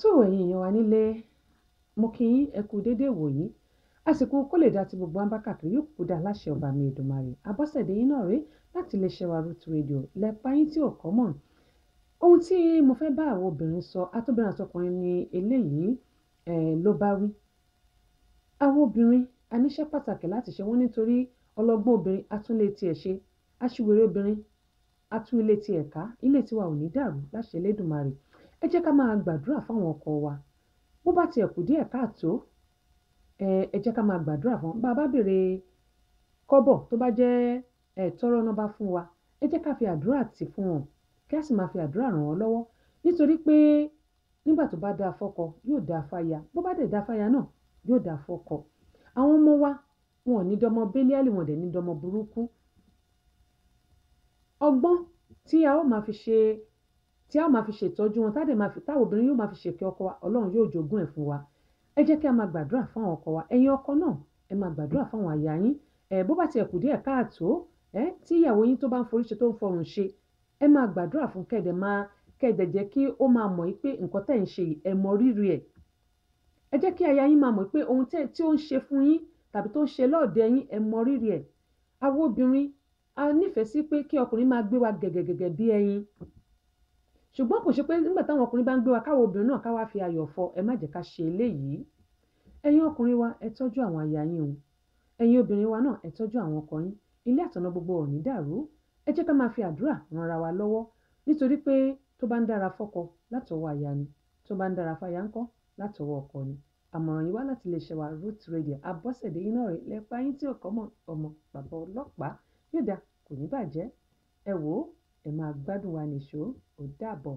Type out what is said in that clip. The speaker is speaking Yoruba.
so ẹ̀yin èèyàn wa nílé mo kí yín ẹ kú déédéé wò yín àsìkò kó lè dá ti gbogbo àǹbá káàkiri yóò kúkú dá láṣẹ ọba mi Èdùmàrè abọ́sẹ̀dé yín náà rèé láti lè ṣẹwà root radio lẹ́pa yín tí ò kọ́ mọ̀ ohun tí mo fẹ́ bá àwọn obìnrin sọ atóbìnrin àtọkùnrin ni eléyìí ló bá wí àwọn obìnrin a níṣẹ́ pàtàkì láti ṣe wọ́n nítorí ọlọ́gbọ́n obìnrin a tún lè tiẹ̀ ṣe aṣíwèrè obìnrin a ilé tiẹ̀ ká ilé tiwa ò ní dàrú láṣẹ Elédùmarè ẹ jẹ́ ká máa gbàdúrà fáwọn ọkọ wa bó bá tiẹ̀ kù díẹ̀ káàtó ẹ jẹ́ ká máa gbàdúrà fún bá a bá béèrè kọ́bọ̀ tó bá jẹ́ ẹ tọrọ náà bá fún wa ẹ jẹ́ ká fi àdúrà tì fún wọn kí a sì máa fi àdúrà ràn wọ́n lọ́wọ́ nítorí pé nígbà tó bá dáa fọ́kọ yóò dáa fáya bó bá dẹ̀ dáa fáya náà yóò dáa fọ́kọ àwọn ọmọ wa wọn ò ní dọmọ bẹ́líálì wọn dẹ̀ ní dọmọ burúkú ọgbọ́n tí a ó máa fi ṣe tí a máa fi ṣètọ́jú wọn táde máa obìnrin yóò máa fi ṣèké ọkọ wa ọlọ́run yóò jogún ẹ̀ fún wa ẹ jẹ́ kí a máa gbàdúrà fún àwọn ọkọ wa ẹ̀yin ọkọ náà ẹ máa gbàdúrà fún àwọn àyà yín ẹ bó bá tiẹ̀ kù díẹ̀ káàtó ẹ tí ìyàwó yín tó bá ń forí ṣe tó ń fọrùn ṣe ẹ máa gbàdúrà fún kẹ́ẹ̀dẹ̀ máa kẹ́ẹ̀dẹ̀ jẹ́ kí ó máa mọ̀ pé nǹkan tẹ̀ ń ṣe ẹ mọ rírì ẹ̀ ẹ jẹ́ kí aya yín máa mọ̀ pé ohun tí ó ń ṣe fún yín tàbí tó ń ṣe lọ́ọ̀dẹ yín ẹ mọ rírì ẹ̀ àwọn obìnrin a nífẹ̀ẹ́ sí pé kí ọkùnrin máa gbé wa gẹ̀gẹ̀gẹ̀gẹ̀ bí ẹyin ṣùgbọ́n kò ṣe pé nígbà táwọn ọkùnrin bá ń gbé wa káwọn obìnrin náà káwá fi ayọ̀ fọ ẹ má jẹ́ ká ṣe eléyìí ẹ̀yin ọkùnrin wa ẹ tọ́jú àwọn aya yín o ẹ̀yin obìnrin wa náà ẹ tọ́jú àwọn ọkọ yín ilé àtọ̀nà gbogbo ò ní dàrú ẹ jẹ́ ká máa fi àdúrà ran ara wa lọ́wọ́ nítorí pé tó bá ń dára fọ́kọ látọwọ́ aya ni tó bá ń dára fáya ńkọ́ látọwọ́ ọkọ ni àmọ̀ràn yìí wá láti lè ṣẹ̀wà Root Radio Abọ́sẹ̀dé iná rẹ̀ lẹ́pa yín tí ò kọ́ mọ̀ ọmọ bàbá ọlọ́pàá yóò dáa kò ní bàjẹ́ ẹ wò ó ẹ máa gbádùn wa nìṣó ó dàbọ̀